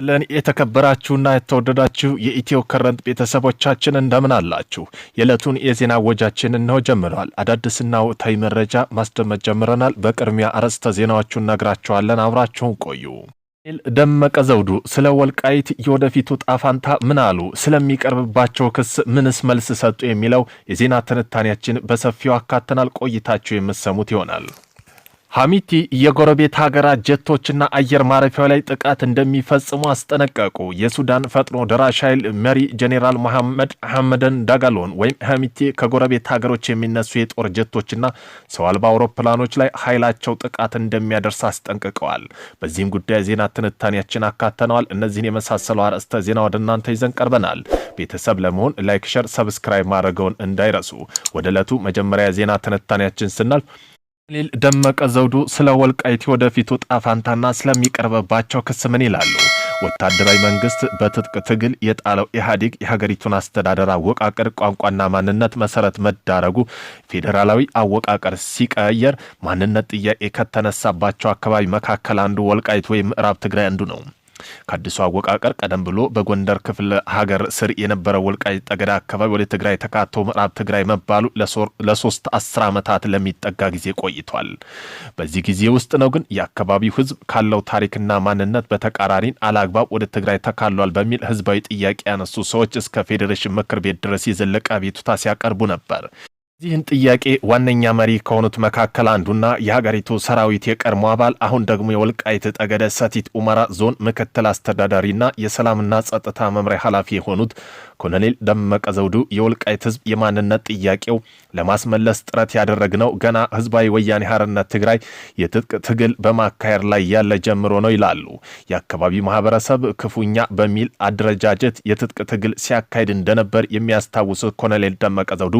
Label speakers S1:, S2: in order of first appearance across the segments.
S1: ጥለን የተከበራችሁና የተወደዳችሁ የኢትዮ ከረንት ቤተሰቦቻችን እንደምን አላችሁ? የዕለቱን የዜና ወጃችን እንሆ ጀምረዋል። አዳዲስና ወቅታዊ መረጃ ማስደመጥ ጀምረናል። በቅድሚያ አርዕስተ ዜናዎቹን ነግራችኋለን። አብራችሁን ቆዩ። ደመቀ ዘውዱ ስለ ወልቃይት የወደፊቱ ጣፋንታ ምን አሉ? ስለሚቀርብባቸው ክስ ምንስ መልስ ሰጡ? የሚለው የዜና ትንታኔያችን በሰፊው አካተናል። ቆይታችሁ የምትሰሙት ይሆናል። ሐሚቲ የጎረቤት ሀገራት ጀቶችና አየር ማረፊያው ላይ ጥቃት እንደሚፈጽሙ አስጠነቀቁ። የሱዳን ፈጥኖ ደራሽ ኃይል መሪ ጄኔራል መሐመድ ሐመደን ዳጋሎን ወይም ሐሚቲ ከጎረቤት ሀገሮች የሚነሱ የጦር ጀቶችና ሰው አልባ አውሮፕላኖች ላይ ኃይላቸው ጥቃት እንደሚያደርስ አስጠንቅቀዋል። በዚህም ጉዳይ ዜና ትንታኔያችን አካተነዋል። እነዚህን የመሳሰሉ አርዕስተ ዜና ወደ እናንተ ይዘን ቀርበናል። ቤተሰብ ለመሆን ላይክ፣ ሸር፣ ሰብስክራይብ ማድረገውን እንዳይረሱ። ወደ ዕለቱ መጀመሪያ ዜና ትንታኔያችን ስናልፍ ኮሎኔል ደመቀ ዘውዱ ስለ ወልቃይት ወደፊቱ ጣፋንታና ስለሚቀርበባቸው ክስ ምን ይላሉ? ወታደራዊ መንግስት በትጥቅ ትግል የጣለው ኢህአዴግ የሀገሪቱን አስተዳደር አወቃቀር ቋንቋና ማንነት መሰረት መዳረጉ ፌዴራላዊ አወቃቀር ሲቀየር ማንነት ጥያቄ ከተነሳባቸው አካባቢ መካከል አንዱ ወልቃይት ወይም ምዕራብ ትግራይ አንዱ ነው። ከአዲሱ አወቃቀር ቀደም ብሎ በጎንደር ክፍለ ሀገር ስር የነበረው ወልቃይት ጠገዳ አካባቢ ወደ ትግራይ ተካቶ ምዕራብ ትግራይ መባሉ ለሶስት አስር ዓመታት ለሚጠጋ ጊዜ ቆይቷል። በዚህ ጊዜ ውስጥ ነው ግን የአካባቢው ህዝብ ካለው ታሪክና ማንነት በተቃራሪን አላግባብ ወደ ትግራይ ተካሏል በሚል ህዝባዊ ጥያቄ ያነሱ ሰዎች እስከ ፌዴሬሽን ምክር ቤት ድረስ የዘለቀ አቤቱታ ሲያቀርቡ ነበር። ይህን ጥያቄ ዋነኛ መሪ ከሆኑት መካከል አንዱና የሀገሪቱ ሰራዊት የቀድሞ አባል አሁን ደግሞ የወልቃይት ጠገደ ሰቲት ኡመራ ዞን ምክትል አስተዳዳሪና የሰላምና ጸጥታ መምሪያ ኃላፊ የሆኑት ኮሎኔል ደመቀ ዘውዱ የወልቃይት ህዝብ የማንነት ጥያቄው ለማስመለስ ጥረት ያደረግነው ገና ህዝባዊ ወያኔ ሀርነት ትግራይ የትጥቅ ትግል በማካሄድ ላይ ያለ ጀምሮ ነው ይላሉ። የአካባቢ ማህበረሰብ ክፉኛ በሚል አደረጃጀት የትጥቅ ትግል ሲያካሄድ እንደነበር የሚያስታውሱት ኮሎኔል ደመቀ ዘውዱ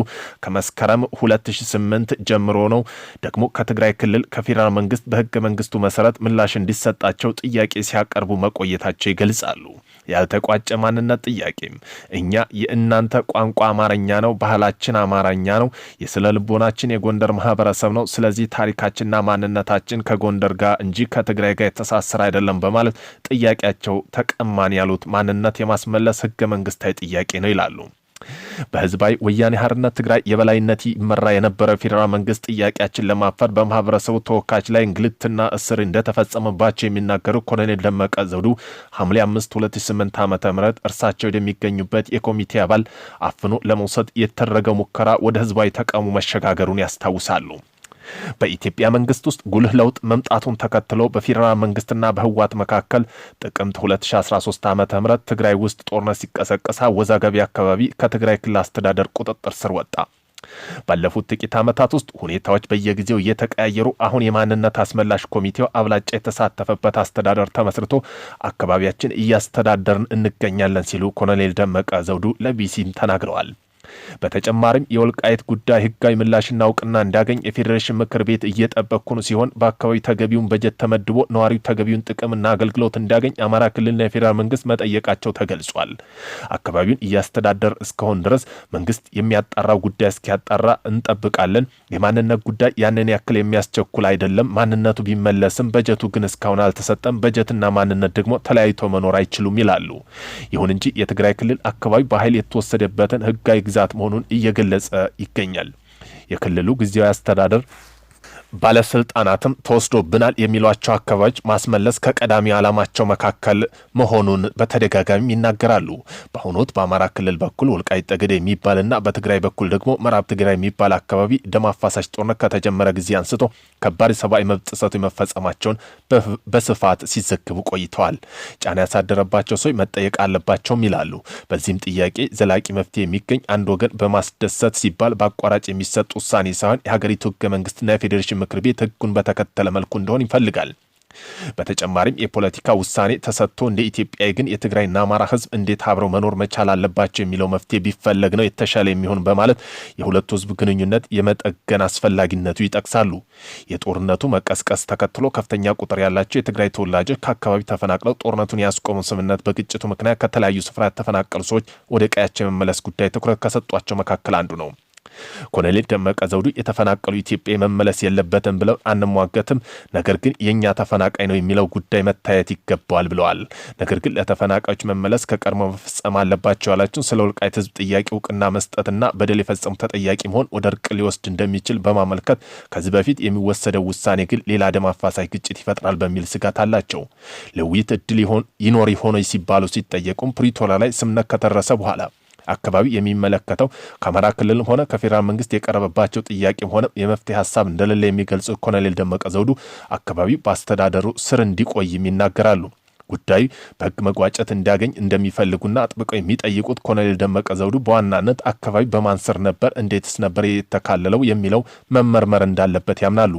S1: ከመስከረም 2008 ጀምሮ ነው ደግሞ ከትግራይ ክልል ከፌዴራል መንግስት በህገ መንግስቱ መሰረት ምላሽ እንዲሰጣቸው ጥያቄ ሲያቀርቡ መቆየታቸው ይገልጻሉ። ያልተቋጨ ማንነት ጥያቄም እኛ አማርኛ የእናንተ ቋንቋ አማርኛ ነው፣ ባህላችን አማርኛ ነው፣ የስነ ልቦናችን የጎንደር ማህበረሰብ ነው። ስለዚህ ታሪካችንና ማንነታችን ከጎንደር ጋር እንጂ ከትግራይ ጋር የተሳሰረ አይደለም በማለት ጥያቄያቸው ተቀማን ያሉት ማንነት የማስመለስ ህገ መንግስታዊ ጥያቄ ነው ይላሉ። በህዝባዊ ወያኔ ሀርነት ትግራይ የበላይነት ይመራ የነበረው ፌዴራል መንግስት ጥያቄያችን ለማፈር በማህበረሰቡ ተወካዮች ላይ እንግልትና እስር እንደተፈጸመባቸው የሚናገሩ ኮሎኔል ደመቀ ዘውዱ ሐምሌ 5 2008 ዓ ም እርሳቸው ወደሚገኙበት የኮሚቴ አባል አፍኖ ለመውሰድ የተደረገው ሙከራ ወደ ህዝባዊ ተቃውሞ መሸጋገሩን ያስታውሳሉ። በኢትዮጵያ መንግስት ውስጥ ጉልህ ለውጥ መምጣቱን ተከትሎ በፌዴራል መንግስትና በህወሓት መካከል ጥቅምት 2013 ዓ ም ትግራይ ውስጥ ጦርነት ሲቀሰቀሳ ወዛገቢ አካባቢ ከትግራይ ክልል አስተዳደር ቁጥጥር ስር ወጣ። ባለፉት ጥቂት ዓመታት ውስጥ ሁኔታዎች በየጊዜው እየተቀያየሩ አሁን የማንነት አስመላሽ ኮሚቴው አብላጫ የተሳተፈበት አስተዳደር ተመስርቶ አካባቢያችን እያስተዳደርን እንገኛለን ሲሉ ኮሎኔል ደመቀ ዘውዱ ለቢሲም ተናግረዋል። በተጨማሪም የወልቃይት ጉዳይ ህጋዊ ምላሽና እውቅና እንዳገኝ የፌዴሬሽን ምክር ቤት እየጠበኩን ሲሆን በአካባቢው ተገቢውን በጀት ተመድቦ ነዋሪው ተገቢውን ጥቅምና አገልግሎት እንዳገኝ አማራ ክልልና የፌዴራል መንግስት መጠየቃቸው ተገልጿል። አካባቢውን እያስተዳደር እስከሆን ድረስ መንግስት የሚያጣራው ጉዳይ እስኪያጣራ እንጠብቃለን። የማንነት ጉዳይ ያንን ያክል የሚያስቸኩል አይደለም። ማንነቱ ቢመለስም በጀቱ ግን እስካሁን አልተሰጠም። በጀትና ማንነት ደግሞ ተለያይቶ መኖር አይችሉም ይላሉ። ይሁን እንጂ የትግራይ ክልል አካባቢ በኃይል የተወሰደበትን ህጋዊ ግዛ ግዛት መሆኑን እየገለጸ ይገኛል። የክልሉ ጊዜያዊ አስተዳደር ባለስልጣናትም ተወስዶብናል የሚሏቸው አካባቢዎች ማስመለስ ከቀዳሚ ዓላማቸው መካከል መሆኑን በተደጋጋሚ ይናገራሉ። በአሁኑ ወቅት በአማራ ክልል በኩል ወልቃይት ጠገዴ የሚባልና በትግራይ በኩል ደግሞ ምዕራብ ትግራይ የሚባል አካባቢ ደም አፋሳሽ ጦርነት ከተጀመረ ጊዜ አንስቶ ከባድ ሰብአዊ መብት ጥሰቶች መፈጸማቸውን በስፋት ሲዘግቡ ቆይተዋል። ጫና ያሳደረባቸው ሰዎች መጠየቅ አለባቸውም ይላሉ። በዚህም ጥያቄ ዘላቂ መፍትሄ የሚገኝ አንድ ወገን በማስደሰት ሲባል በአቋራጭ የሚሰጥ ውሳኔ ሳይሆን የሀገሪቱ ህገ መንግስትና የፌዴሬሽን ምክር ቤት ህጉን በተከተለ መልኩ እንደሆን ይፈልጋል። በተጨማሪም የፖለቲካ ውሳኔ ተሰጥቶ እንደ ኢትዮጵያ ግን የትግራይና አማራ ህዝብ እንዴት አብረው መኖር መቻል አለባቸው የሚለው መፍትሄ ቢፈለግ ነው የተሻለ የሚሆን በማለት የሁለቱ ህዝብ ግንኙነት የመጠገን አስፈላጊነቱ ይጠቅሳሉ። የጦርነቱ መቀስቀስ ተከትሎ ከፍተኛ ቁጥር ያላቸው የትግራይ ተወላጆች ከአካባቢ ተፈናቅለው ጦርነቱን ያስቆሙ ስምምነት በግጭቱ ምክንያት ከተለያዩ ስፍራ የተፈናቀሉ ሰዎች ወደ ቀያቸው የመመለስ ጉዳይ ትኩረት ከሰጧቸው መካከል አንዱ ነው። ኮሎኔል ደመቀ ዘውዱ የተፈናቀሉ ኢትዮጵያ መመለስ የለበትም ብለው አንሟገትም፣ ነገር ግን የእኛ ተፈናቃይ ነው የሚለው ጉዳይ መታየት ይገባዋል ብለዋል። ነገር ግን ለተፈናቃዮች መመለስ ከቀድሞ መፈጸም አለባቸው ያላቸውን ስለ ወልቃይት ህዝብ ጥያቄ እውቅና መስጠትና በደል የፈጸሙ ተጠያቂ መሆን ወደ እርቅ ሊወስድ እንደሚችል በማመልከት ከዚህ በፊት የሚወሰደው ውሳኔ ግን ሌላ ደም አፋሳሽ ግጭት ይፈጥራል በሚል ስጋት አላቸው። ለውይይት እድል ይኖር ሆኖ ሲባሉ ሲጠየቁም ፕሪቶሪያ ላይ ስምነት ከተረሰ በኋላ አካባቢ የሚመለከተው ከአማራ ክልልም ሆነ ከፌዴራል መንግስት የቀረበባቸው ጥያቄም ሆነ የመፍትሄ ሀሳብ እንደሌለ የሚገልጹ ኮሎኔል ደመቀ ዘውዱ አካባቢው በአስተዳደሩ ስር እንዲቆይም ይናገራሉ። ጉዳዩ በህግ መጓጨት እንዲያገኝ እንደሚፈልጉና አጥብቀው የሚጠይቁት ኮሎኔል ደመቀ ዘውዱ በዋናነት አካባቢ በማን ስር ነበር፣ እንዴትስ ነበር የተካለለው የሚለው መመርመር እንዳለበት ያምናሉ።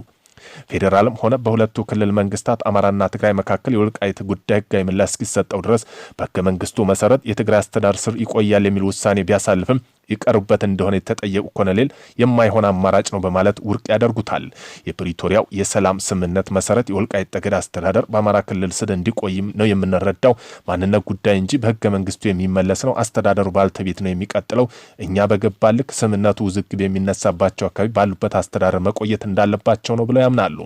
S1: ፌዴራልም ሆነ በሁለቱ ክልል መንግስታት አማራና ትግራይ መካከል የወልቃይት ጉዳይ ህጋዊ ምላሽ እስኪሰጠው ድረስ በህገ መንግስቱ መሰረት የትግራይ አስተዳደር ስር ይቆያል የሚል ውሳኔ ቢያሳልፍም ይቀርቡበት እንደሆነ የተጠየቁ ኮሎኔል የማይሆን አማራጭ ነው በማለት ውድቅ ያደርጉታል። የፕሪቶሪያው የሰላም ስምምነት መሰረት የወልቃይት ጠገዴ አስተዳደር በአማራ ክልል ስር እንዲቆይም ነው የምንረዳው ማንነት ጉዳይ እንጂ በህገ መንግስቱ የሚመለስ ነው። አስተዳደሩ ባልተቤት ነው የሚቀጥለው። እኛ በገባ ልክ ስምምነቱ ውዝግብ የሚነሳባቸው አካባቢ ባሉበት አስተዳደር መቆየት እንዳለባቸው ነው ብለው ያምናሉ።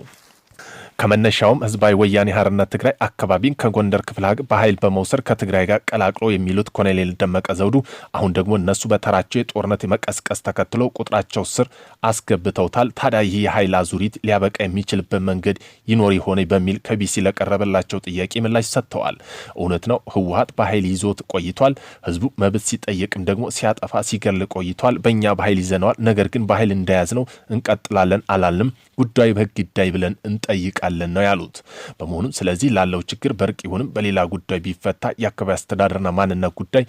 S1: ከመነሻውም ህዝባዊ ወያኔ ሀርነት ትግራይ አካባቢን ከጎንደር ክፍለ ሀገር በኃይል በመውሰድ ከትግራይ ጋር ቀላቅሎ የሚሉት ኮሎኔል ደመቀ ዘውዱ አሁን ደግሞ እነሱ በተራቸው የጦርነት የመቀስቀስ ተከትሎ ቁጥራቸው ስር አስገብተውታል። ታዲያ ይህ የኃይል አዙሪት ሊያበቃ የሚችልበት መንገድ ይኖር ይሆን በሚል ከቢሲ ለቀረበላቸው ጥያቄ ምላሽ ሰጥተዋል። እውነት ነው ህወሀት በኃይል ይዞት ቆይቷል። ህዝቡ መብት ሲጠየቅም ደግሞ ሲያጠፋ ሲገል ቆይቷል። በእኛ በኃይል ይዘነዋል። ነገር ግን በኃይል እንደያዝ ነው እንቀጥላለን አላልንም ጉዳዩ በህግ ይዳይ ብለን እንጠይቃለን ነው ያሉት። በመሆኑም ስለዚህ ላለው ችግር በእርቅ ይሁንም በሌላ ጉዳይ ቢፈታ የአካባቢ አስተዳደርና ማንነት ጉዳይ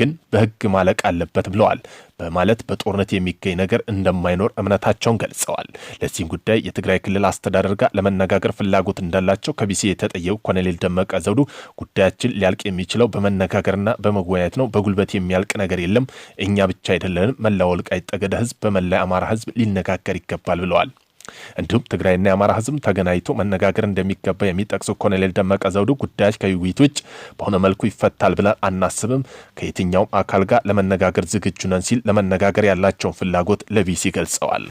S1: ግን በህግ ማለቅ አለበት ብለዋል። በማለት በጦርነት የሚገኝ ነገር እንደማይኖር እምነታቸውን ገልጸዋል። ለዚህም ጉዳይ የትግራይ ክልል አስተዳደር ጋር ለመነጋገር ፍላጎት እንዳላቸው ከቢሲ የተጠየቁ ኮሎኔል ደመቀ ዘውዱ ጉዳያችን ሊያልቅ የሚችለው በመነጋገርና በመወያየት ነው። በጉልበት የሚያልቅ ነገር የለም። እኛ ብቻ አይደለንም። መላ ወልቃይት ጠገደ ህዝብ በመላ አማራ ህዝብ ሊነጋገር ይገባል ብለዋል። እንዲሁም ትግራይና የአማራ ህዝብ ተገናኝቶ መነጋገር እንደሚገባ የሚጠቅሱ ኮሎኔል ደመቀ ዘውዱ ጉዳዮች ከውይይት ውጭ በሆነ መልኩ ይፈታል ብለን አናስብም፣ ከየትኛውም አካል ጋር ለመነጋገር ዝግጁ ነን ሲል ለመነጋገር ያላቸውን ፍላጎት ለቢሲ ገልጸዋል።